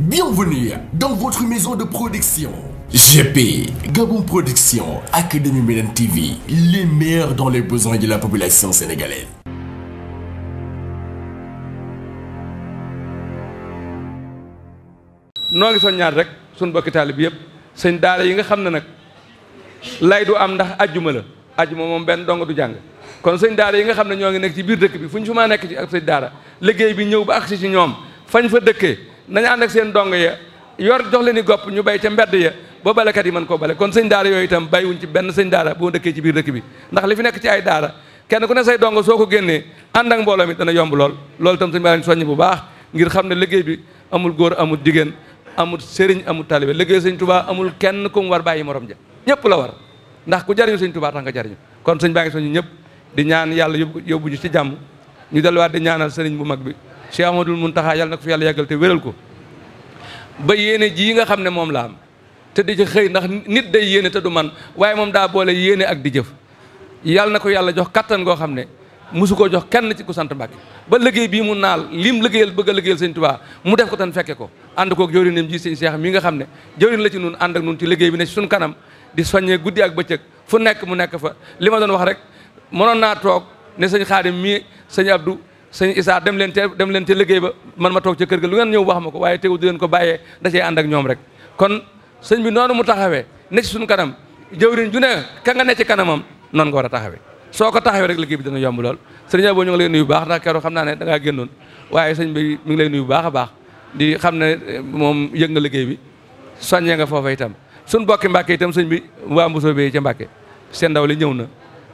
Bienvenue dans votre maison de production. GP, Gabon Production, Académie Médan TV, les meilleurs dans les besoins de la population sénégalaise. noo ngi soññaat rek suñ bokki taalib yëpp sëñ daara yi nga xam ne nag lay du am ndax ajjuma la ajjuma moom benn dong du jàng kon sëñ daara yi nga xam ne ñoo ngi nekk ci biir dëkk bi fu ñu su maa nekk ci ak sëñ daara liggéey bi ñëw ba agsi ci ñoom fañ fa dëkkee nañu ànd ak seen dong ya yor jox leen i gopp ñu bay ca mbedd ya ba balekat yi mën koo bale kon sëñ daara yooyu itam bàyyiwuñ ci benn sëñ daara boo dëkkee ci biir dëkk bi ndax li fi nekk ci ay daara kenn ku ne say dong soo ko génnee ànd ak mbooloo mi dana yomb lool loolu tam sëñ baa leen soññ bu baax ngir xam ne liggéey bi amul góor amul jigéen amul sëriñ amul taalibe liggéey sëñ tubaa amul kenn ku mu war bàyyi moroom ja ñëpp la war ndax ku jariñu sëñ tubaa tax nga jariñu kon sëñ baa ngi ñëpp di ñaan yàlla yóbbu ñu ci jàmm ñu delluwaat di ñaanal sëriñ bu mag bi Cheikh Amadou Mountakha yàlla na ko fi yàlla yàggal te wéral ko ba yéene ji nga xam ne moom la am te di ci xëy ndax nit day yéene te du man waaye moom daa boole yéene ak di jëf yàlla na ko yàlla jox kattan goo xam ne musu koo jox kenn ci ku sant Mbàkke ba liggéey bii mu naal lim liggéeyal bëgg a liggéeyal sëñ mu def ko tan fekke ko ànd kook jëwrinam ji sëñ Cheikh mi nga xam ne jëwrin la ci nun ànd ak nun ci liggéey bi ne suñ kanam di soññee guddi ak bëccëg fu nekk mu nekk fa li ma doon wax rek mënoon naa toog ne sëñ Xaadim mii sëñ sëñ Issa dem leen ca dem leen ca liggéey ba man ma toog ca kër gi lu ngeen ñëw wax ma ko waaye tegu di leen ko bàyyee da cee ànd ak ñoom rek kon sëñ bi noonu mu taxawee ne suñu kanam jëwriñ ju ne ka nga ne ci kanamam noonu a taxawee soo ko taxawee rek liggéey bi dana yomb lool sëñ Abo ñu ngi lay nuyu baax ndax keroog xam naa ne da ngaa waaye sëñ bi mi ngi lay nuyu baax a baax di xam ne eh, moom yëg nga liggéey bi soññee nga foofa itam suñ bokki Mbàkke itam sëñ bi waa Mbusoo bi ca Mbàkke seen ndaw li ñëw na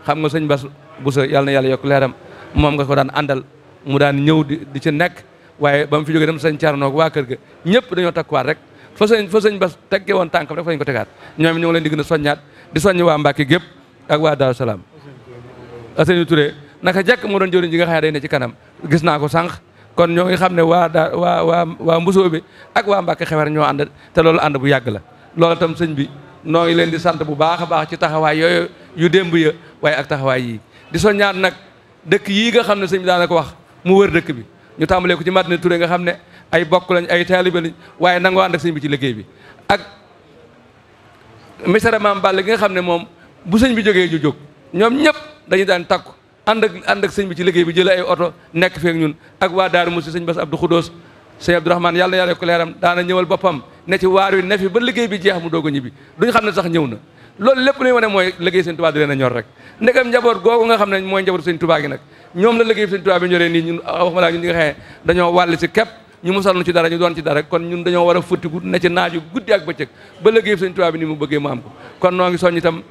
xam nga sëñ Bas Buso yàlla yàlla yokk leeram moom nga ko daan àndal mu daan ñëw di di ci nekk waaye ba mu fi jógee dem sëñ Thierno ak waa kër ga ñëpp dañoo takkuwaat rek fa sëñ fa sëñ Bass teggee woon tànkam rek fa ñu ko tegaat ñoom ñoo ngi leen di gën a soññaat di soññ waa Mbacke gépp ak waa Daaru Salaam Asseynou Touré naka jekk moo doon jëriñ ji nga xam ne day ne ci kanam gis naa ko sànq kon ñoo ngi xam ne waa daa waa waa waa Mbusoo bi ak waa Mbacke xewar ñoo ànd te loolu ànd bu yàgg la loolu tam sëñ bi noo ngi leen di sant bu baax a baax ci taxawaay yooyu yu démb ya waaye ak taxawaay yii di soññaat nag dëkk yii nga xam ne sëñ bi daana ko wax mu wër dëkk bi ñu tàmbalee ko ci Madina Touré nga xam ne ay bokk lañ ay taalibe lañ waaye nangoo ànd ak sëñ bi ci liggéey bi ak misara maam Balla nga xam ne moom bu sëñ bi jógee ñu jóg ñoom ñëpp dañu daan takku ànd ak ànd ak sëñ bi ci liggéey bi jële ay oto nekk feek ñun ak waa Daaru Musi sëñ Bass Abdou Khoudous sëñ Abdourahmane yàlla na yàlla ko leeram daana ñëwal boppam ne ci waar wi ne fi ba liggéey bi jeex mu doog a ñibbi duñ xam ne sax ñëw na loolu lépp luy wane mooy liggéey sëñ Tuubaa di leen a ñor rek ndegam njaboot googu nga xam ne mooy njaboot sëñ Tuubaa gi nag ñoom la liggéey sëñ Tuubaa bi ñoree nii ñun wax ma laa ñu mosal nu ci dara ñu doon ci kon ñun dañoo war a futtiku ne ci naaju guddi ak bëccëg ba liggéey sëñ Tuubaa bi ni mu bëggee mu am ko kon noo ngi soññ tam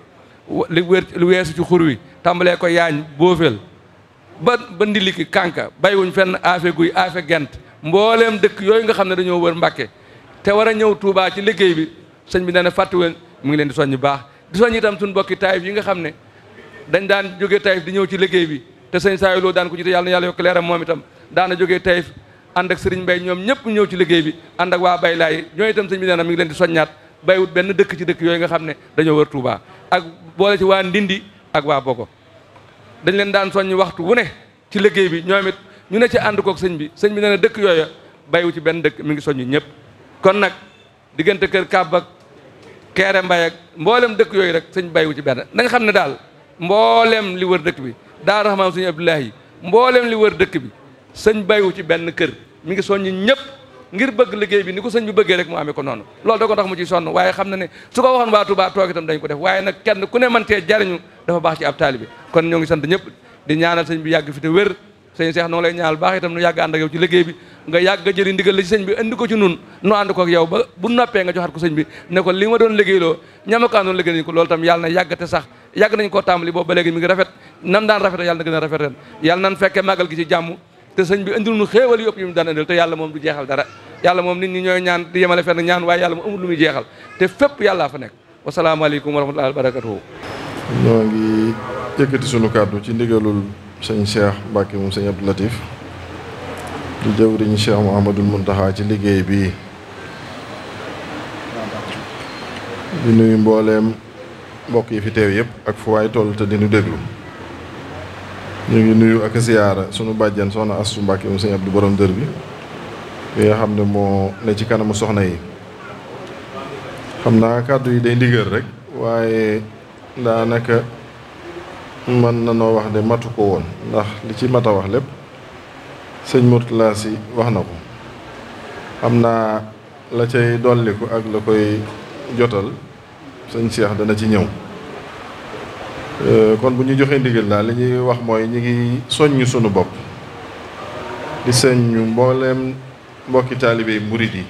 li wér lu weesu ci xur wi tàmbalee ko yaañ boofeel ba ba ndiliki kànka wuñ fenn aafe guy aafe gent mbooleem dëkk yooyu nga xam ne dañoo wër Mbàkke te war a ñëw Tuubaa ci liggéey bi sëñ bi nee na fàttiwul mu ngi leen di soññ baax di soññ tam suñu bokki taayif yi nga xam ne dañ daan jóge taayif di ñëw ci liggéey bi te sëñ Saliou Lo daan ko jiite yàlla na yàlla yokk leeram moom itam daana jógee taayif ànd ak sëriñ Mbay ñoom ñëpp ñëw ci liggéey bi ànd waa bay Baylaay ñoo itam sëñ bi nee mi ngi leen di soññaat bayiwut benn dëkk ci dëkk yooyu nga xam ne dañoo wër Touba ak boole ci waa Ndindi ak waa Boko dañ leen daan soññ waxtu wu ne ci liggéey bi ñoom it ñu ne ci ànd kook sëñ bi sëñ bi nee na dëkk yooya bayiwu ci benn dëkk mi ngi soññ ñëpp kon nag diggante kër Kàbb Kéré Mbaye ak mboolem dëkk yooyu rek sëñ baywu ci benn na xam ne daal mboolem li wër dëkk bi Daaru Rahmaan suñu Abdoulahi mboolem li wër dëkk bi sëñ bàyyiwu ci benn kër mi ngi soññi ñëpp ngir bëgg liggéey bi ni ko sëñ bi bëggee rek mu amee ko noonu lool da ko tax mu ciy sonn waaye xam na ne su ko waxoon waa Touba toog itam dañ ko def waaye nag kenn ku ne mantee jariñu dafa baax ci ab taalibe kon ñoo ngi sant ñëpp di ñaanal sëñ bi yàgg fi te wér sëñ Cheikh noo lay ñaal baax itam nu yàgg ànd ak yow ci liggéey bi nga yàgg jëri ndigal la ci sëñ bi indi ko ci nun nu ànd ko ak yow ba bu noppee nga joxaat ko sëñ bi ne li ma doon liggéeyloo ñama kaan doon liggéey nañ ko loolu tam yàlla na yàgg te sax yàgg nañ ko tàmbali boobu ba léegi mi ngi rafet nam daan rafet yàlla na gën a rafet ren yàlla nan fekkee màggal gi ci jàmm te sëñ bi indil nu xéewal yëpp yu mu daan indil te yàlla moom du jeexal dara yàlla moom nit ñi ñooy ñaan di yemale fenn ñaan waaye yàlla moom amul lu muy jeexal te fépp yàllaa fa nekk wasalaamaaleykum wa rahmatullahi wa barakatuhu ñoo ngi yëkkati sëñ Cheikh Mbacke moom sëñ Abdou Latif di mu Cheikh mun Muntaxa ci liggéey bii di nuyu mbooleem mbokk yi fi teew yëpp ak fu waay toll te dinu déglu ñu ngi nuyu ak ziyaara sunu bàjjan soxna Astu Mbacke moom sëñ Abdou borom dër bi bi nga xam ne moo ne ci kanamu soxna yi xam naa kàddu yi day ndigal rek waaye daanaka man nanoo wax de matu ko woon ndax li ci mat a wax lépp sëñ Mourtala si wax na ko am naa la cay dolliku ak la koy jotal sëñ Cheikh dana ci ñëw euh, kon bu ñu joxee ndigal daal li ñuy wax mooy ñi ngi soññ sunu bopp di soññ mbooleem mbokki taalibe murid yi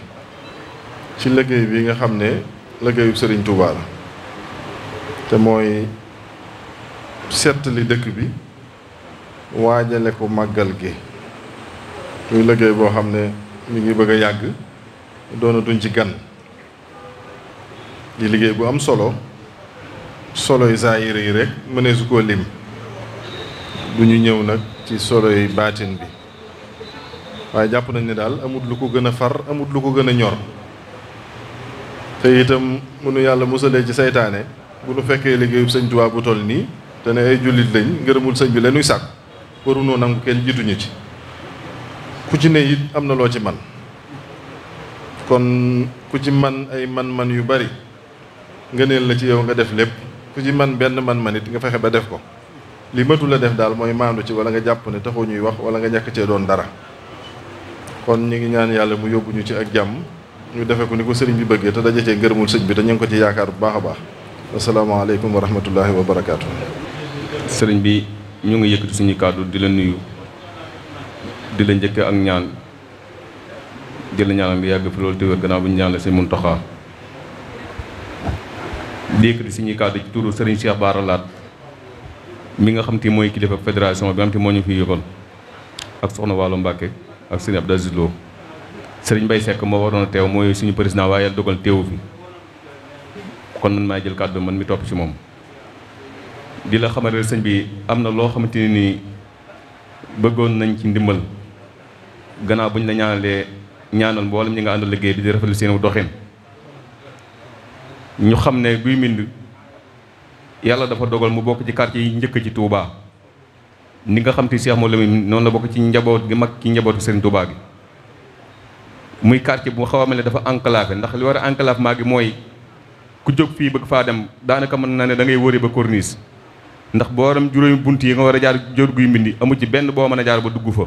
ci liggéey bi nga xam ne liggéeyu Sëriñ Tuubaa te mooy settali dëkk bi waajale ko màggal gi muy liggéey boo xam ne ñu ngi bëgg a yàgg duñ ci gan di liggéey bu am solo solo yi zaahir yi rek mënee su ko lim du ñu ñëw nag ci solo yi baatin bi waaye jàpp nañ ne daal amut lu ko gën a far amut lu ko gën a ñor te itam mënu yàlla musalee ci seytaane bu nu fekkee liggéeyu sëñ Tuubaa bu toll nii te ne ay jullit lañ ngërëmul sëñ bi la ñuy sàkk warunoo nangu kenn ñu ci ku ci ne it am na loo ci man kon ku ci man ay man-man yu bari ngëneel la ci yow nga def lépp ku ci man benn man manit it nga fexe ba def ko lii matu a def daal mooy maandu ci wala nga jàpp ne taxu ñuy wax wala nga ñekk cee doon dara kon ñu ngi ñaan yàlla mu yóbbu ñu ci ak jàmm ñu defe ko ni ko sëriñ bi bëggee te daje cee ngërëmul sëñ bi te ñu ngi ko ci yaakaar bu baax a baax asalaamaaleykum wa rahmatullahi sëriñ bi ñoo ngi yëkkati suñu kàddu di la nuyu di la njëkkee ak ñaan di la ñaanal nga yàgg fi loolu te wér gannaaw bu ñu ñaan la sëñ Muntaxa di yëkkati suñu kàddu ci turu sëriñ Cheikh Bara mi nga xam ti mooy kilifa fédération bi nga xam te moo ñu fi yëgal ak soxna Waalo Mbàkke ak sëriñ Abdou Aziz Lo sëriñ Mbay Seck moo waroon a teew mooy suñu président waaye yàlla dogal teewu fi kon man maay jël kàddu man mi topp ci moom di la xamal sëñ bi am na loo xamante ne nii bëggoon nañ ci ndimbal gannaaw bu ñu la ñaanalee ñaanal mboolem ñi nga àndal liggéey bi di rafetlu seen doxin ñu xam ne guy mbind yàlla dafa dogal mu bokk ci quartier yi njëkk ci Touba ni nga xam te Cheikh Mawla noonu la bokk ci njaboot gi mag ci njabootu Serigne Touba muy quartier bu xaw a mel ne dafa enclavé ndax li war a enclavement gi mooy ku jóg fii bëgg faa dem daanaka mën na ne dangay ngay wëri ba corniche ndax boo booram juróomi bunt yi nga war a jaar jor guy mbindi amu ci benn boo mën a jaar ba dugg fa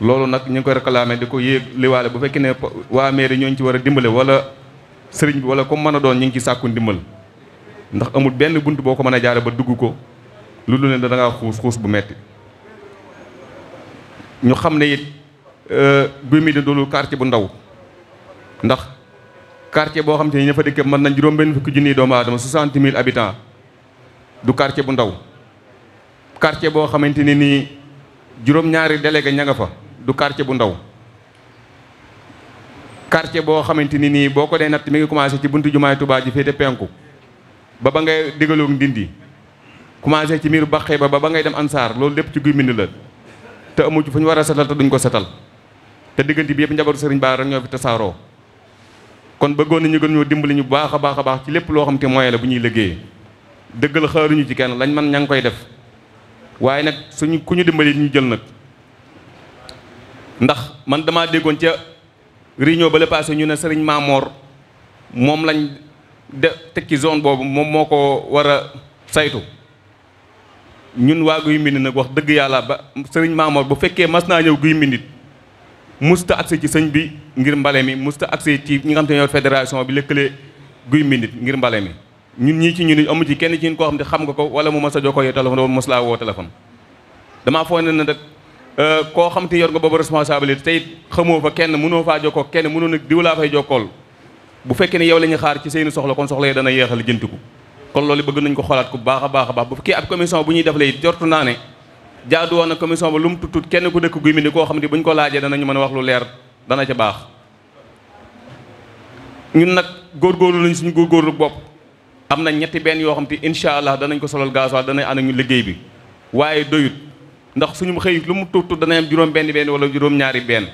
loolu nag ñu ngi koy réclamé di ko yéeg liwaale bu fekkee ne waa mairie ñooñu ci war a dimbale wala sëriñ bi wala comme mën a doon ñu ngi ci sàkku ndimbal ndax amul benn bunt boo ko mën a jaare ba dugg ko lu lu ne da ngaa xuus xuus bu metti ñu xam ne it euh, guy mi di doolu quartier bu ndaw ndax quartier boo xam te ne ña fa dëkk mën nañ juróom benn fukki junniy doomu aadama soixante mille habitants du quartier bu ndaw quartier boo xamante ne nii juróom-ñaari délégué ña nga fa du quartier bu ndaw quartier boo xamante ni nii boo ko dee natt mi ngi commencé ci buntu jumaay Tuubaa ji féete penku ba ba ngay digaloog ndindi commencé ci miiru baqee ba ba ba ngay dem ansaar loolu lépp ci guy mbind la te amu ci fu ñu war a setal te duñ ko setal te diggante bi yëpp njabootu sëriñ Bara rek ñoo fi tasaaroo kon bëggoon nañu gën dimbali ñu baax a baax a baax ci lépp loo xam te moyen la bu ñuy liggéeyee dëgg la xaaruñu ci kenn lañ man ña koy def waaye nag suñu ku ñu dimbali ñu jël nag ndax man damaa déggoon ca réunion ba la passé ñu ne sëriñ Maamoor moom lañ de teg ci zone boobu moom moo ko war a saytu ñun waa guy mbindit nag wax dëgg yàlla ba sëriñ Maamoor bu fekkee mas naa ñëw guy mbindit musta accès ci sëñ bi ngir mbale mi musta accès ci ñi nga xam te fédération bi lëkkale guy mbindit ngir mbale mi ñun ñii ci ñu ñun amu ci kenn ci ñun koo xam ne xam nga ko wala mu mos a jokkoo yow téléphone wala mos laa ne nag euh, koo xam te yor nga boobu responsabilité tey xamoo fa kenn mënoo faa jokkoo kenn mënoo nag diw laa fay jokkool bu fekkee ne yow la ñuy xaar ci seeni soxla kon soxla yi dana yeexal jëntiku kon loolu bëgg nañ ko xoolaat ku baax a baax a baax bu fekkee ab commission bu def lay jortu naa ne jaadu woon na commission ba lu kenn ku dëkk guy mi ni koo xam ne bu ñu ko laajee danañu mën a wax lu leer dana ca nag góorgóorlu nañ suñu góorgóorlu bopp am na ñetti benn yoo xam ti incha allah danañ ko solal gasoil danañ ànd ñu liggéey bi waaye doyut ndax suñu xëy lu mu tuut tuut am juróom benn benn wala juróom ñaari benn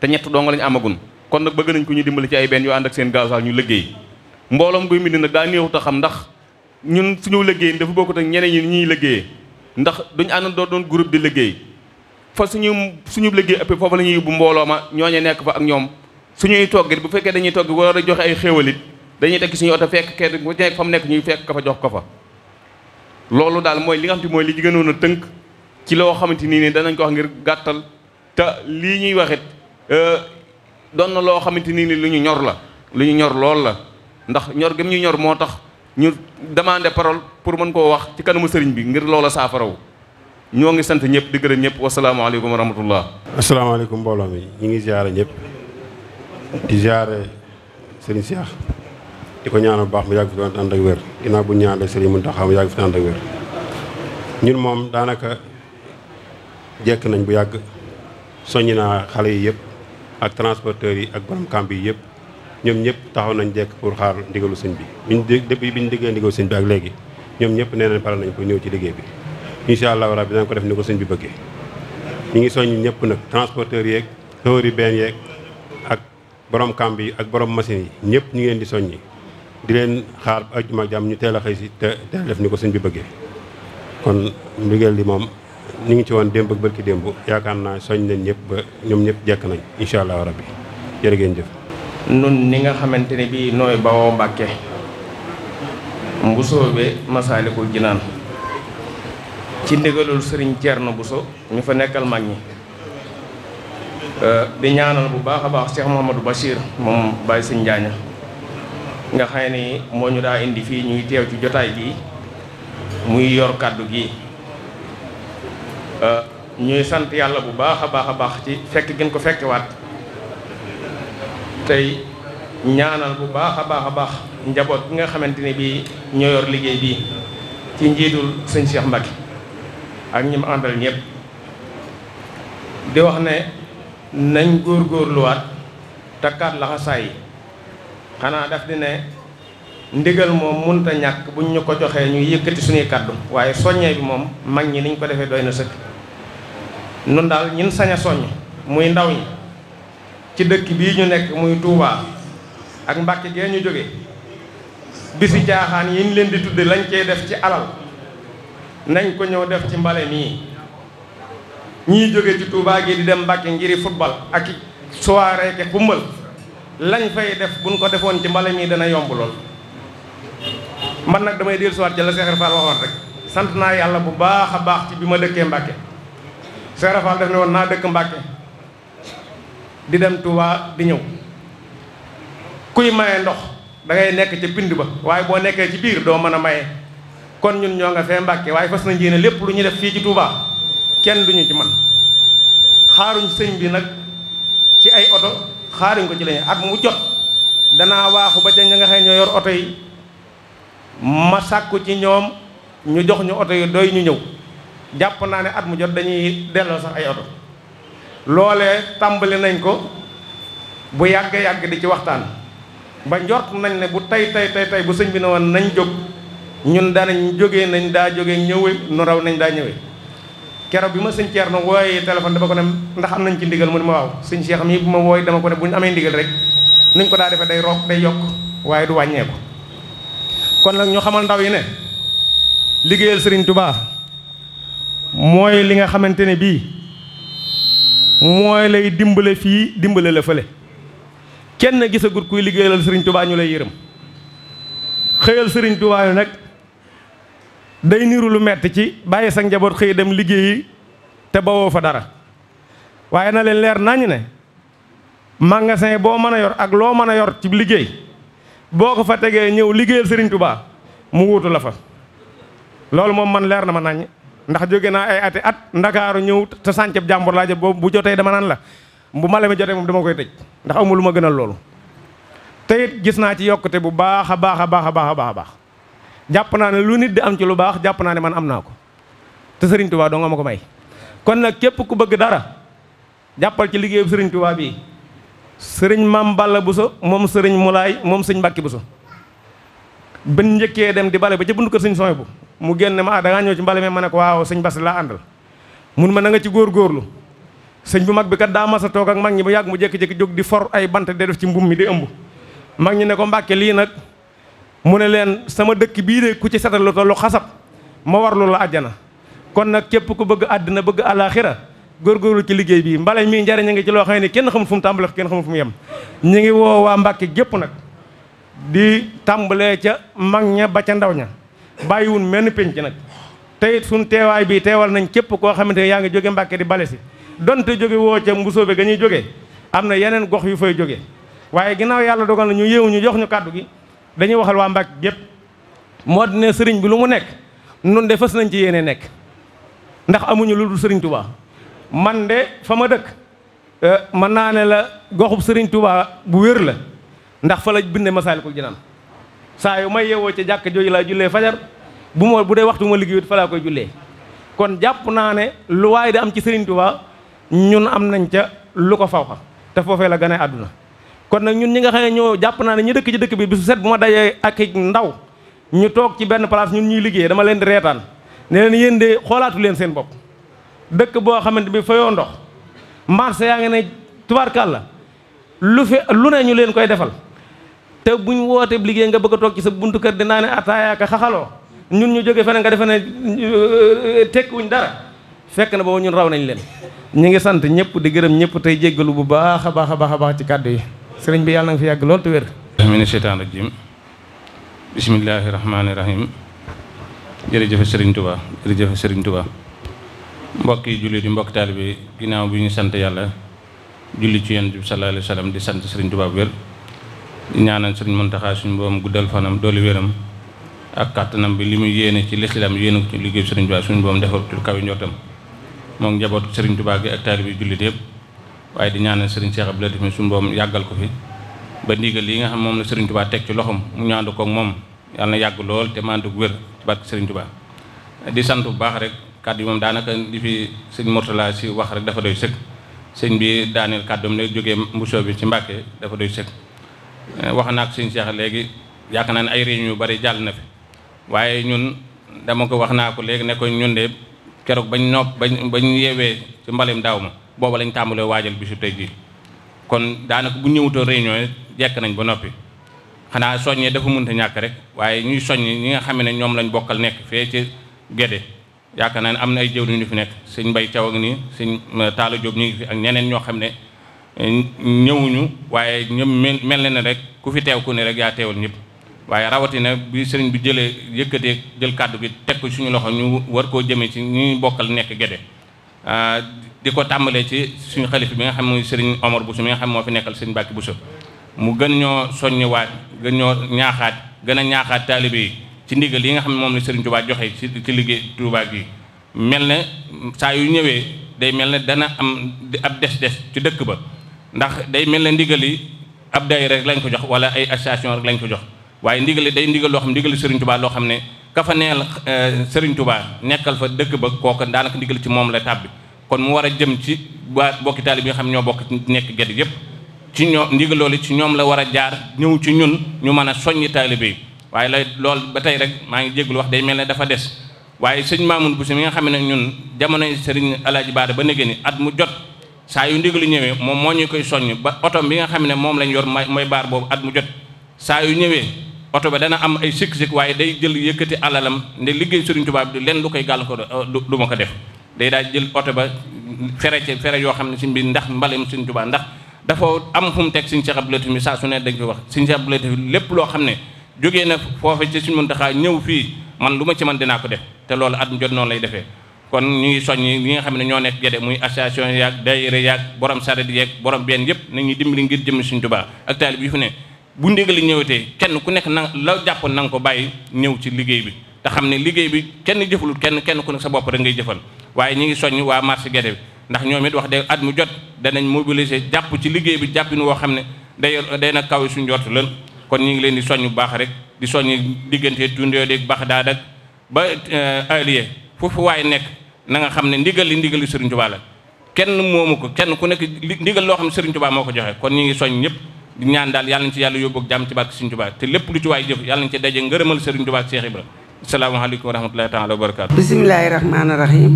te ñett dong lañ amagun kon nag bëgg nañ ko ñu dimbali ci ay benn yoo ànd ak seen gasoil ñu liggéey mbooloom guy mindi nag daa néewut a xam ndax ñun suñu liggéey dafa bokkut ak ñeneen ñi ñuy liggéeyee ndax duñ ànd doo doon groupe di liggéey fa suñu suñu liggéey ëpp foofu la ñuy yóbbu mbooloo ma ñooñe nekk fa ak ñoom suñuy togg bu fekkee dañuy togg war a joxe ay xéewalit dañuy tekki suñu oto fekk kenn ku nekk fa mu nekk ñuy fekk ko fa jox ko fa loolu daal mooy li nga xam te mooy li jigéenoon a tënk ci loo xamante nii ni danañ ko wax ngir gàttal te lii ñuy waxit euh, doon na loo xamante nii ni lu ñu ñor la lu ñu ñor lool la ndax ñor gëm ñuy ñor moo tax ñu demandé parole pour mën koo wax ci kanamu sëriñ bi ngir loola saafaraw ñoo ngi sant ñëpp di gërëm ñëpp wasalaamaaleykum wa rahmatullah asalaamaaleykum mbooloo mi ñu ngi ziare ñëpp di ziare sëriñ Cheikh di ko ñaanal bu baax mu yàgg fi ànd ak wér ginnaaw bu ñaanal Serigne taxaw mu yàgg fi ànd ak wér ñun moom daanaka jekk nañ bu yàgg soññ naa xale yi yëpp ak transporteurs yi ak borom camp yi yëpp ñoom ñëpp taxaw nañ jekk pour xaar ndigalu sëñ bi biñ depuis biñ diggee ndigalu sëñ bi ak léegi ñoom ñëpp nee nañ pare nañ ko ñëw ci liggéey bi incha allah rabbi danañ ko def ni ko sëñ bi bëggee ñu ngi soññ ñëpp nag transporteurs yeeg chauffeurs yi benn yeeg ak boroom kamb yi ak boroom machines yi ñëpp ñu ngeen leen di soññi di leen xaar ba ajjuma ak ñu teel a xëy si te teel def ni ko sëñ bi bëggee kon mbigeel li moom ñu ngi ci woon démb ak barki démb yaakaar naa soñ nañ ñëpp ba ñoom ñëpp jekk nañ incha allah rabbi jërë ngeen jëf. nun ni nga xamante ne bii nooy bawoo Mbàkke Mbusoo be Masaalikul Jinaan ci ndigalul sëriñ Thierno Bousso ñu fa nekkal mag ñi di ñaanal bu baax a baax Cheikh Mouhamadou Bachir moom Baye Sëñ Njaaña nga xam ni moo ñu daa indi fii ñuy teew ci jotaay bi muy yor kàddu gi euh, ñuy sant yàlla bu baax a baax a baax ci fekk gën ko fekkewaat tey ñaanal bu baax a baax a baax njaboot bi nga xamante ni bii ñoo yor liggéey bi ci njiitul sëñ Cheikh Mbacke ak ñi mu àndal ñëpp di wax ne nañ góorgóorluwaat takkaat laxa yi xanaa def di ne ndigal moom munta ñàkk buñ ñu ko joxee ñu yëkkati suñuy kàddu waaye soññee bi moom mag ñi niñ ko defee doy na sëkk nun daal ñun sañ a soññ muy ndaw ñi ci dëkk bi ñu nekk muy Touba ak Mbàkke gee ñu jóge bisi jaaxaan yi ñu leen di tudde lañ cee def ci alal nañ ko ñëw def ci mbale mii ñii jóge ci Touba gi di dem Mbàkke ngiri football ak soirée ke xumbal lañ fay def buñ ko defoon ci mbale mi dana yomb lool man nag damay dellusiwaat ci la Cheikh Ibra Fall waxoon rek sant naa yàlla bu baax a baax ci bi ma dëkkee Mbàkke Cheikh def ne woon naa dëkk Mbàkke di dem Touba di ñëw kuy maye ndox dangay nekk ca pind ba waaye boo nekkee ci biir doo mën a maye kon ñun ñoo nga fee Mbàkke waaye fas na njéene lépp lu ñu def fii ci Touba kenn duñu ci man xaaruñ sëñ bi nag ci ay oto xaaruñ ko ci lañuy at mu jot danaa waaxu ba ca ña nga xam ñoo yor oto yi ma sàkku ci ñoom ñu jox ñu oto yi doy ñu ñëw jàpp naa ne at mu jot dañuy delloo sax ay oto loole tàmbali nañ ko bu yàgga yàgg di ci waxtaan ba njort nañ ne bu tey tey tey bu sëñ bi ne woon nañ jóg ñun daanañ jógee nañ daa jógee ñëwee nu raw nañ daa ñëwee keroog bi ma sëñ Thierno wooyee téléphone dama ko ne ndax am nañ ci ndigal mu ne ma waaw sëñ Cheikh mii bu ma wooy dama ko ne bu ñu amee ndigal rek nuñ ko daa defee day roog day yokk waaye du wàññeeku. kon nag ñu xamal ndaw yi ne liggéeyal Serigne Touba mooy li nga xamante ne bii mooy lay dimbale fii dimbale la fële kenn gisagut kuy liggéeyal Serigne Touba ñu lay yërëm xëyal Serigne Touba yi nag. day niru lu metti ci bàyyi sa njaboot xëy dem liggéeyi te bawoo fa dara waaye na leen leer nañ ne magasin boo mën a yor ak loo mën a yor ci liggéey boo ko fa tegee ñëw liggéeyal Serigne Touba mu wuutu la fa. loolu moom man leer na ma nañ ndax jóge naa ay ati at ndakaaru ñëw te sànceb jàmbur laa boobu bu jotee dama naan la bu male mi jotee moom dama koy tëj ndax amul lu ma gënal loolu. te it gis naa ci yokkute bu baax a baax a baax a baax a baax. jàpp naa ne lu nit di am ci lu baax jàpp naa ne man am naa ko te Serigne Touba doo nga ma ko may kon nag képp ku bëgg dara jàppal ci liggéeyu Serigne Touba bii sëriñ Maam Balla Bousso moom sëriñ Moulay moom sëñ Mbàkke Bousso ben njëkkee dem di bale ba ca buntu kër sëñ sooy bu mu génn ma a ah, da ngaa ñëw ci mbale mi ma ne ko waaw sëñ Bass laa àndal mun ma na nga ci góorgóorlu sëñ bu mag bi kat daa mas a toog ak mag ñi ba yàgg mu jékki jekki jóg di for ay bant de ci mbum mi di ëmb mag ñi ne ko lii nag mu ne leen sama dëkk bii de ku ci setal lu tollu xasab ma warlu la àjjana kon nag képp ku bëgg àddina bëgg àllaaxira góorgóorlu ci liggéey bi mbale mii njariñ a ngi ci loo xam ne kenn xamul fu mu tàmbalee kenn xamul fu mu yem ñu ngi woo waa Mbàkke gépp nag di tàmbalee ca mag ña ca ndaw ña bàyyi bàyyiwun menn pénc nag teyit suñ teewaay bi teewal nañ képp koo xamante ne yaa ngi jóge Mbàkke di bale si donte jóge woo ca mbusóobe ga ñuy jógee am na yeneen gox yu fay jógee waaye yàlla dogal na ñu yéewu ñu jox ñu kàddu gi dañuy waxal waa Mbàkke gépp moo ne sëriñ bi lu mu nekk nun de fas nañ ci yéene nekk ndax amuñu lu dul sëriñ man de fa ma dëkk euh, mën naa ne la goxub sëriñ Touba bu wér la ndax fa la binde Masaalikul Jinaan saa yu may yeewoo ca jàkk jooju laa jullee fajar bu ma bu dee waxtu ma liggéeyut falaa koy jullee kon jàpp naa ne lu waaye di am ci sëriñ Touba ñun am nañ ca lu ko faw xa te foofee la gane àdduna kon nag ñun ñi nga xam ne ñoo jàpp naa ne ñu dëkk ci dëkk bi bisu set bu ma dajee ak ndaw ñu toog ci benn place ñun ñuy liggéey dama leen di reetaan nee leen yéen de xoolaatu leen seen bopp dëkk boo xamante bi fayoo ndox marché yaa ngi ne tubaarkàlla lu fi lu ne ñu leen koy defal te buñ wootee liggéey nga bëgg a toog ci sa buntu kër dinaa ne a ak xaxaloo ñun ñu jógee feneen nga defe ne euh, tekkiwuñ dara fekk na boobu ñun raw nañ leen ñu ngi sant ñëpp di gërëm ñëpp tey jéggalu bu baax a baax a baax a baax ci kàddu yi sëriñ bi yàlla na nga fi yàgg lool te wér mina sheytaan rajim bismillahi rahmaani rahim jërëjëfe sëriñ Touba jërëjëfe sëriñ Touba mbokk yi jullit yi mbokk taalibe bi ginnaaw bi ñu sant yàlla julli ci yonent bi sallallahu alayhi wa di sant sëriñ Touba bu wér di ñaanal sëriñ Muntaxa suñu boom guddal fanam dooli wéram ak kàttanam bi li mu yéene ci lislaam yéene ko ci liggéey sëriñ Touba suñu boom defal ci kaw njortam moom njabootu sëriñ Touba gi ak taalibe bi jullit yëpp waaye di ñaanal sëriñ Cheikh Abdou Latif mi suñu boom yàggal ko fi ba ndigal li nga xam moom la sëriñ Tuubaa teg ci loxoom mu ñaandu koog moom yàlla na yàgg lool te maandu wér ci barke sëriñ Tuubaa di sant bu baax rek kàddu yi moom fi sëñ Mourtala si wax dafa doy sëkk sëñ bi daaneel kàddoom ne jógee mbusoo bi ci Mbàkke dafa doy sëkk eh, wax naa ko sëñ Cheikh léegi yaakaar naa ne ay réunion yu bari jàll na fi waaye ñun dama ko wax naa ko léegi ne ko ñun de keroog bañ nopp bañ bañ yeewee ci mbalim daaw ma booba lañ tàmbalee waajal bi bisu tey jii kon daanaka bu ñëwutoo réunion jekk nañ ba noppi xanaa soññee dafa mënta ñàkk rek waaye ñuy soññ ñi nga xam ne ñoom lañ bokkal nekk fee ci Gédé yaakaar naa ne am na ay jëwriñ ñu fi nekk sëñ Mbay Caw nii sëñ uh, Taala Jóob ñu ngi fi ak ñeneen ñoo xam ne uh, ñëwuñu waaye ñoom mel na ne rek ku fi teew ku ne rek yaa teewal ñëpp waaye rawatina bi sëriñ bi jëlee yëkkatee jël kàddu gi teg ko suñu loxo ñu war koo jëmee ci ñi bokkal nekk Gédé Euh, di ko tàmbalee ci suñu xalif bi nga xam mooy sëriñ Omar Bousso mi nga xam moo fi nekkal sëriñ Mbàkke Bousso mu gën ñoo soññiwaat gën ñoo ñaaxaat gën a ñaaxaat taalibe yi ci ndigal yi nga xam ne moom la sëriñ Tuubaa joxe ci ci liggéey Tuubaa gi mel ne saa yu ñëwee day mel ne dana am ab des-des ci dëkk ba ndax day mel ne ndigal yi ab daayira rek lañ ko jox wala ay association rek lañ ko jox waaye ndigal day ndigal loo xam ndigal Sëriñ Tuubaa loo xam ne ka fa neel eh, Serigne Touba nekkal fa dëkk ba kooka daanaka ndigal ci moom la tàbbi kon mu war a jëm ci waa bokki taali bi nga xam ñoo bokk nekk gedd yëpp ci ñoo ndigal loolu ci ñoom la war a jaar ñëw ci ñun ñu mën a soññ taalibe yi waaye la loolu ba tey rek maa ngi jéggul wax day mel ne dafa des waaye sëñ bu si mi nga xam ne ñun jamono Serigne Alaaji Baara ba négée ni at mu jot saa yu lu ñëwee moom moo ñu koy soññ ba otom bi nga xam ne moom lañ yor mooy baar boobu at mu jot oto ba dana am ay sikk-sikk waaye day jël yëkkati alalam nde liggéey sëriñ tubaab bi du lenn lu koy gàll ko euh, du ma ko def day daa jël oto ba fere ci fere yoo xam ne suñ bi ndax mbalem sëriñ Tuubaa ndax dafa am fu teg suñ Cheikh Abdou Latif mi saa su ne dañ koy wax suñ Cheikh Abdou Latif lépp loo xam ne jógee na foofe ci suñ Muntaxaa ñëw fii man lu ma ci man dinaa ko def te loolu at jot noonu lay defee kon ñu ngi soññi ñi nga xam ne ñoo nekk gede muy association yaag daayira yaag borom saret yaag borom benn yëpp nañuy dimbali ngir jëm suñ Tuubaa ak yi fu ne bu ndigal ñëwatee kenn ku nekk na la jàppoon na nga ko bàyyi ñëw ci liggéey bi te xam ne liggéey bi kenn jëfalul kenn kenn ku nekk sa bopp rek ngay jëfal waaye ñi ngi soññ waa marché Guédé bi ndax ñoom it wax dëgg at mu jot danañ mobiliser jàpp ci liggéey bi jàppin woo xam ne day day na kaw suñu jot lan kon ñi ngi leen di soññ bu baax rek di soññ diggante Tundoo dég baax daad ak ba eh, allié foofu waaye nekk na xam ne ndigal li ndigal li Serigne Touba la kenn moomu ko kenn ku nekk ndigal loo xam ne Serigne Touba moo ko joxee kon ñi ngi soññ ñëpp di ñaan daal yàlla nañ ci yàlla yóbbu ak jàmm ci barke Sëriñ Tuubaa te lépp lu ci waay jëf yàlla nañ ci daje ngërëmal Sëriñ Tuubaa ak Cheikh Ibra salaamaaleykum wa rahmatulahi taala wa barakaatu bisimilahi rahmaani rahim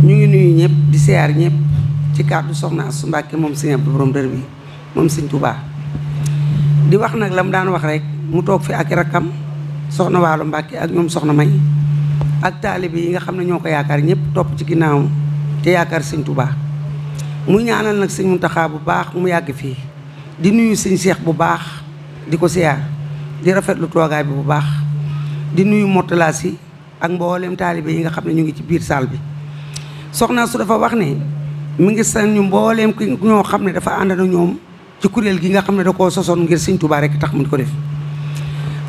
ñu ngi nuyu ñëpp di siyaar ñëpp ci kàddu soxna Astu Mbàkke moom Sëriñ Abdu borom dër bi moom Sëriñ Tuubaa di wax nag la mu daan wax rek mu toog fi ak rakkam soxna Waalo Mbàkke ak ñoom soxna May ak taalibe yi nga xam ne ñoo ko yaakaar ñëpp topp ci ginnaaw te yaakaar Sëriñ Tuubaa mu ñaanal nag Sëriñ Muntaxaa bu baax mu yàgg fii di nuyu sëñ Cheikh bu baax di ko siyaar di rafetlu toogaay bi bu baax di nuyu Mourtala Sy ak mboolem taalibe yi nga xam ne ñu ngi ci biir saal bi soxna su dafa wax ne mi ngi san ñu mbooleem ki ñoo xam ne dafa ànd na ci kuréel gi nga xam ne da koo sosoon ngir sëñ Touba tax mu ko def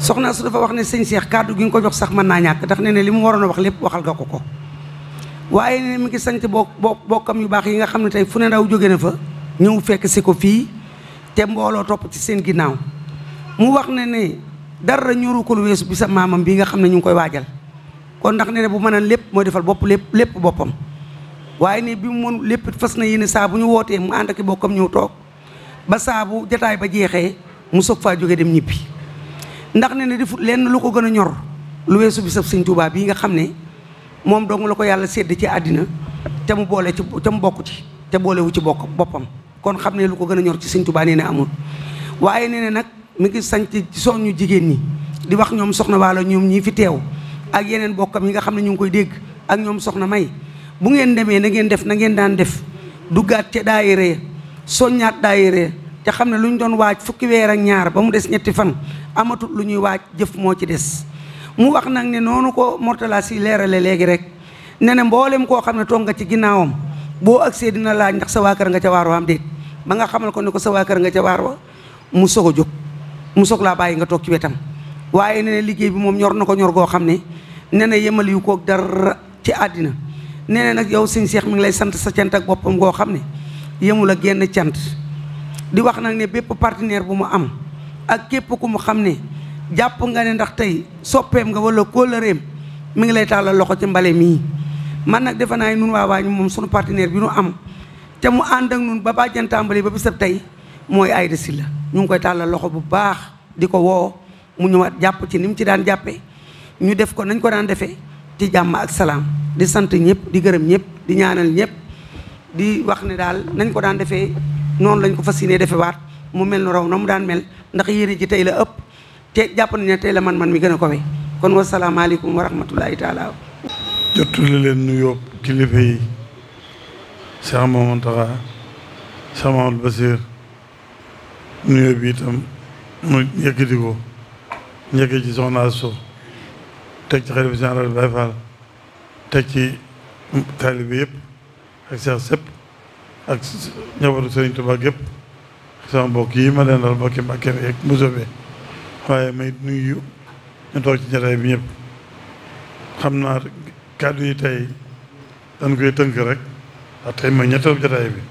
soxna su dafa wax ne sëñ Cheikh kàddu gi nga ko jox sax mën naa ñàkk ndax ne ne li mu waroon a wax lépp waxal nga ko ko waaye ne mi ngi sant bokk bokkam yu baax yi nga xam ne tey fu ne ndaw jóge na fa ñëw fekk si ko fii te mbooloo topp ci seen ginnaaw mu wax ne ne dara ñuru ko lu weesu bi sa maamam bi nga xam ne ñu ngi koy waajal kon ndax ne ne bu mën a lépp mooy defal bopp lépp lépp boppam waaye ne bi mu mën lépp fas na yéene saa bu ñu wootee mu ànd ak bokkam ñëw toog ba saabu jataay ba jeexee mu soog faa jóge dem ñibbi ndax ne ne defut lenn lu ko gën a ñor lu weesu bi sa sëñ Tuubaa bii nga xam ne moom dong la ko yàlla sédd ci àddina te mu boole ci te mu bokk ci te boolewu ci bokk boppam kon xam ne lu ko gën a ñor ci sëñ baa nee na amul waaye nee na nag mi ngi sant ci ñu jigéen ñi di wax ñoom soxna waalo ñoom ñii fi teew ak yeneen bokkam yi nga xam ne ñu ngi koy dégg ak ñoom soxna may bu ngeen demee na ngeen def na ngeen daan def duggaat ca daayira soññaat daayira te xam ne lu ñu doon waaj fukki weer ak ñaar ba mu des ñetti fan amatul lu ñuy waaj jëf moo ci des mu wax nag ne noonu ko Mourtala si leerale léegi rek ne ne mboolem koo xam ne toog nga ci ginnaawam boo agsee dina laaj ndax sa waa nga ca waar wa am déet ba nga xamal ko ne ko sa waa nga ca waar wa mu soog a jóg mu soog laa bàyyi nga toog ci wetam waaye nee na liggéey bi moom ñor na ko ñor goo xam ne nee na yemal yu koog ci àddina nee na nag yow sëñ Cheikh mi ngi lay sant sa cant ak boppam goo xam ne yemul a génn cant di wax nag ne bépp partenaire bu mu am ak képp ku mu xam ne jàpp nga ne ndax tey soppeem nga wala kóolëreem mu ngi lay tàllal loxo ci mbale mii man nag defe naa nun waa waañ moom sunu partenaire bi nu am te mu ànd ak nun ba bàjjan tàmbali ba bisab tey mooy Aïda Sylla la ngi koy tàllal loxo bu baax di ko woo mu ñëwaat jàpp ci ni mu ci daan jàppee ñu def ko nañ ko daan defee ci jàmm ak salaam di sant ñëpp di gërëm ñëpp di ñaanal ñëpp di wax ni daal nañ ko daan defee noonu lañ ko fas yéenee defee waat mu mel ni raw na mu daan mel ndax yére ji tey la ëpp te jàpp nañ ne tey la man-man mi gën a ko kon wasalaamaaleykum wa rahmatullahi taala jottali leen nuyoo kilifa yi Cheikh Mouhamadou Mountakha Cheikh Mouhamadou Bassir nuyoo bi itam mu yëkkati ko njëkkee ci soxna Asso teg ci xalifa général teg ci taalibe yëpp ak Cheikh Sepp ak njabootu Sëriñ Tuubaa yëpp ak sama mbokk yi ma leen dal mbokki Mbàkke yeeg Mbuso bi waaye may nuyu ñu toog ci jataay bi ñëpp xam naa kàddu yi tey dañ koy tënk rek ndax tey mooy ñetteelu jotaay bi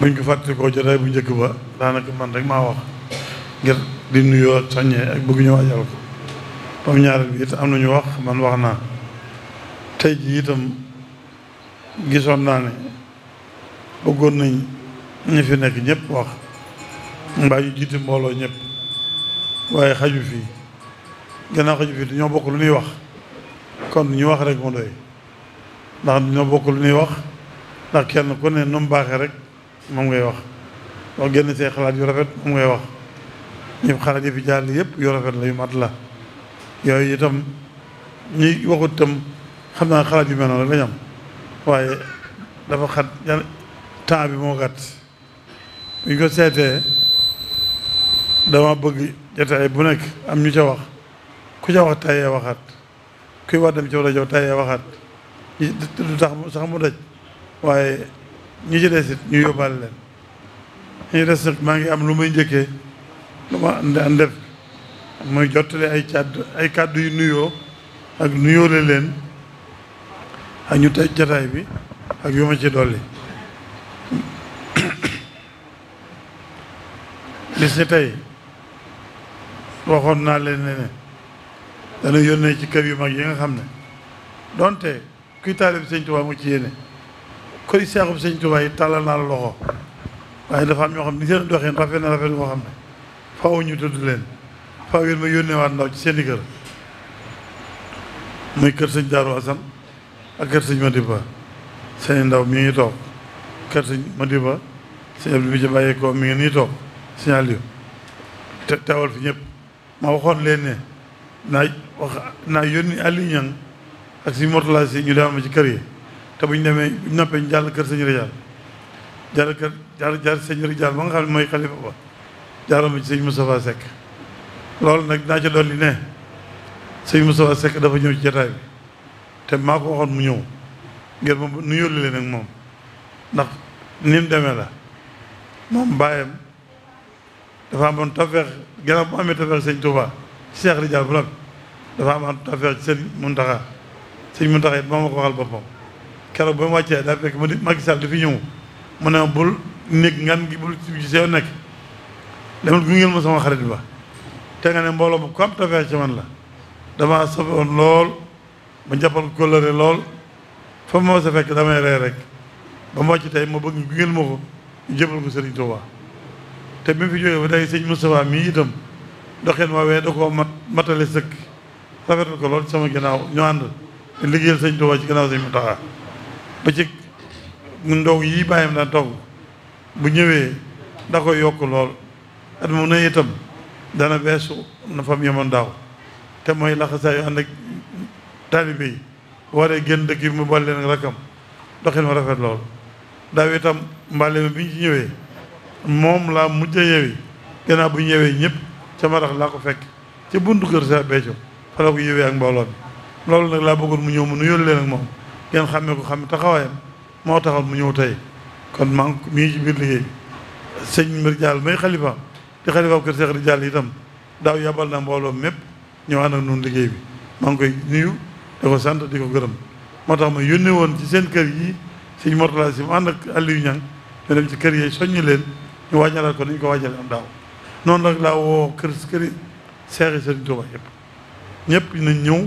buñ ko fàttalikoo jotaay bu njëkk ba daanaka man rek maa wax ngir di nuyoo ak soññee ak bëgg ñu waajal ko ba mu ñaareel bi it am nañu wax man wax naa tey ji itam gisoon naa ne bëggoon nañ ñi fi nekk ñëpp wax mbaa ñu jiite mbooloo ñëpp waaye xaju fii gannaaw xaju fii dañoo bokk lu ñuy wax kon ñu wax rek mu doy ndax ñoo bokk lu ñuy wax ndax kenn ku ne nu mu baaxee rek moom ngay wax wax génn see xalaat yu rafet moom ngay wax ñëpp xalaat yi fi jaar yëpp yu rafet la yu mat la yooyu itam ñi waxut itam xam naa xalaat yu mel noonu rek lañ waaye dafa xat temps bi moo gàtt bu ñu ko seetee dama bëgg jotaay bu nekk am ñu ca wax ku ca wax tayee waxat kuy war dem ci rajo tayee waxaat du tax mu daj waaye ñi ci des it ñu yóbbaale leen ñi des maa ngi am lu muy njëkkee lu ma ndef muy jottale ay càdd ay kàddu yu nuyoo ak nuyoole leen ak ñu tëj jataay bi ak yu ma ci dolli bis ni tey waxoon naa leen ne dana yónnee ci kër yu mag yi nga xam ne donte kuy taalib sëñ Tuubaa mu ci yéene koy seexub sëñ Tuubaa yi tàllal naa la loxo waaye dafa am ñoo xam ne seen doxin rafet na rafet moo xam ne faaw ñu tudd leen faw ngeen ma yónnee waat ndaw ci seen i kër muy kër sëñ Daaru Asan ak kër sëñ Madiba seen ndaw mi ngi toog kër sëñ Madiba sëñ Abdou bi ci bàyyeekoo mi ngi nii toog sëñ Aliou te teewal fi ñëpp ma waxoon leen ne naa wax naa yónni Aliou ak si Mortala si ñu dem ma ci kër yi te bu ñu demee bu ñu noppee ñu jàll kër sëñ Rijaal jàll kër jaar jaar sëñ Rijaal ba xam mooy xalifa ba jaaral ma ci sëñ Moustapha Seck loolu nag naa ca dolli ne sëñ Moustapha Seck dafa ñëw ci jataay bi te maa ko waxoon mu ñëw ngir moom nu yóolu leen ak moom ndax ni demee la moom bàyyam dafa amoon tafeex gannaaw bu amee tafeex sëñ Touba Cheikh Rijal bu noppi dafa am tawfeex ci sëriñ Muntaxa sëñ Muntaxa it moo ma ko waxal boppam keroog ba mu wàccee daa fekk mu di Macky Sall dafi ñëw mu ne ma bul nekk ngan gi bul ci sew nekk demal gungeel ma sama xarit ba te nga ne mbooloo bu ko am tawfeex ci man la dama sobe woon lool ma jàppal kóllëre lool fa moo sa fekk damay ree rek ba mu wàcc tey ma bëgg gungeel ma ko ñu ko sëriñ Touba te mu fi jógee ba tey sëñ Moustapha doxin woowee da koo mat matale sëkk rafetal ko lool sama ginnaaw ñu ànd te liggéeyal sëñ Tuubaa ci ginnaaw sëñ Muntaxaa ba ci ndoog yi bàyyam daan togg bu ñëwee da koy yokk lool at mu ne itam dana beesu na fam yemoon daaw te mooy laxasaa yu ànd ak taalibe yi waree génn dëkk yi mu boole leen rakkam doxin ma rafet lool daaw itam mbaale mi bi ñu ci ñëwee moom laa mujj a yewi gannaaw bu ñu yewee ñëpp ca marax laa ko fekk ca buntu kër sa Béthio fa la ko yëwee ak mbooloo bi loolu nag laa bëggoon mu ñëw mu nuyoo leen ak moom ngeen xàmmee ko xam taxawaayam moo taxoon mu ñëw tey kon maa mi ngi ci biir liggéey sëñ may xalifaam di xalifaam kër Cheikh Diall itam daaw yabal na mbooloo mépp ñëw ànd noonu liggéey maa ngi koy nuyu di ko sant di ko gërëm moo tax ma yónnee woon ci seen kër yi sëñ Mortala si mu ànd ak Aliou Niang ñu dem ci kër yi soññu leen ñu wàññalaat ko nañ ko wàññale am daaw noonu la laa woo kër këri seexi sëriñ Tuuba yëpp ñëpp nañ ñëw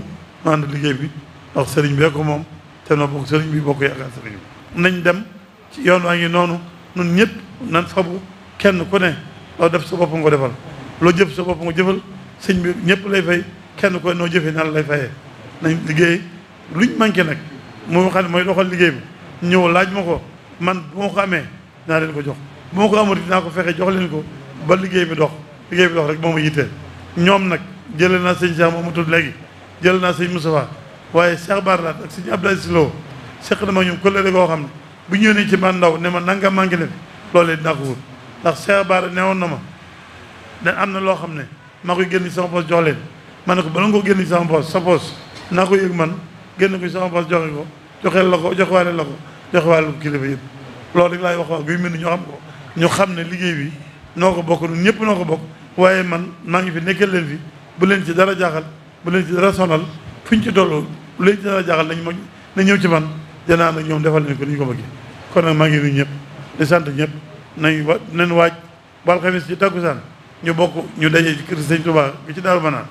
ñu liggéey bi ndax sëriñ bee moom te noo bokk bi bokk yaakaar sëriñ dem ci yoon waa ngi noonu nun ñëpp nan fabu kenn ku ne loo def sa bopp nga defal loo jëf sa bopp nga jëfal sëñ bi ñëpp lay fay kenn ku noo jëfee nan lay fayee nañ liggéey luñ manqué nag moo xam ne mooy doxal liggéey bi ñëw laaj ma ko man bu ma ko amee dinaa leen ko jox bu ma ko amul dinaa ko fexee jox leen ko ba liggéey bi dox liggéey bi dox rek moo ma yitteel ñoom nag jële naa sëñ Cheikh moom mu tudd léegi jëlee naa sëñ Moustapha waaye Cheikh Barlaat ak sëñ Abdoulaye Sylo seq na ma ñoom collègue koo xam ne bu ñëwee nii ci man ndaw ne ma nanga manqué leen loolee dinaa ko wut ndax Cheikh Bara na ma ne am na loo xam ne maa koy génn ci sama poos jox leen ma ne ko bala nga ko génn ci sama poos sa naa ko yëg man génn ko ci sama poos joxe ko joxeel la ko joxewaale la ko joxewaale ko kilifa yëpp loolu rek laay wax wax guy mel ni ñu xam ne liggéey bi noo ko bokk ñun ñëpp noo ko bokk waaye man maa ngi fi nekkal leen fi bu leen ci dara jaaxal bu leen ci dara sonal fuñ ci toll bu leen ci dara ma na ñëw ci man danaa nag ñoom defal leen ko ni ko ko bëggee kon nag maa ngi nuyu ñëpp di sant ñëpp nañ wa nañ waaj walxamis alxames ci takkusaan ñu bokk ñu daje ci kër sëñ Tuubaa bi ci Daaru Manaan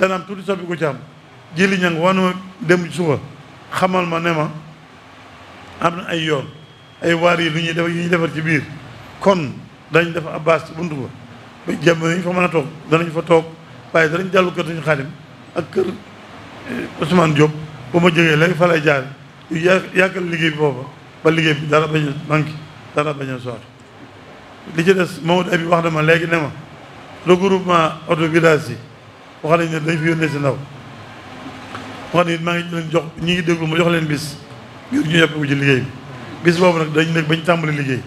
danaam tuuti soppi ku ci am jili ñang wanuma dem suba xamal ma ne ma am na ay yoon ay waar yi lu ñuy defar yu ñuy defar ci biir kon dañ def ab baas ci buntu ba ba jàmm nañ fa mën a toog danañ fa toog waaye danañ jàllu kër dañu xaadim ak kër eh, Ousmane Diop ba ma jógee léegi fa jaar yu yàggal liggéey bi booba ba liggéey bi dara bañ a manqué dara bañ a soxla li ci des Maodo bi wax na ma léegi ne ma regroupement auto village yi wax nañ ne dañ fi yónnee si ndaw wax yi maa ngi leen jox ñi ngi déglu ma jox leen bis ngir ñu yàpp ci liggéey bi bis boobu nag dañ nekk bañ tàmbali liggéey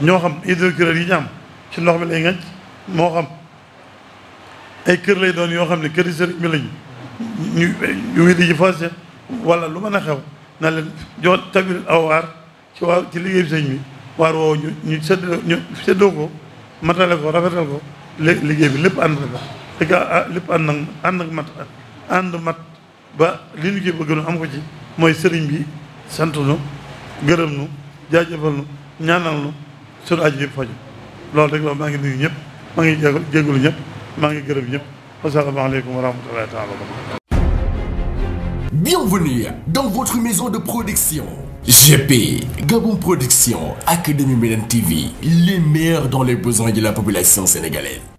ñoo xam hydrocureur yi ñu ci ndox mi lay ngànc moo xam ay kër lay doon yoo xam ne kër sëriñ bi lañu ñu ñu wéy di ci wala lu mën a xew na leen jox tabir aw waar ci waa ci liggéey sëñ bi waar woowu ñu ñu séddoo ko matale ko rafetal ko liggéey lépp ànd ko léegi ah lépp ànd ak mat ànd mat ba li ñu ci bëgg nu am ko ci mooy sëriñ bi sant nu gërëm nu jaajëfal nu ñaanal nu sunu aju yëpp faju loolu rek loolu maa ngi nuyu ñëpp maa ngi jégalu ñëpp maa ngi gërëm ñëpp wasalaamaaleykum wa rahmatullahi taala wa barakatuh Bienvenue dans votre maison de production. GP, Gabon Production, Académie Médine TV, les meilleurs dans les besoins de la population sénégalaise.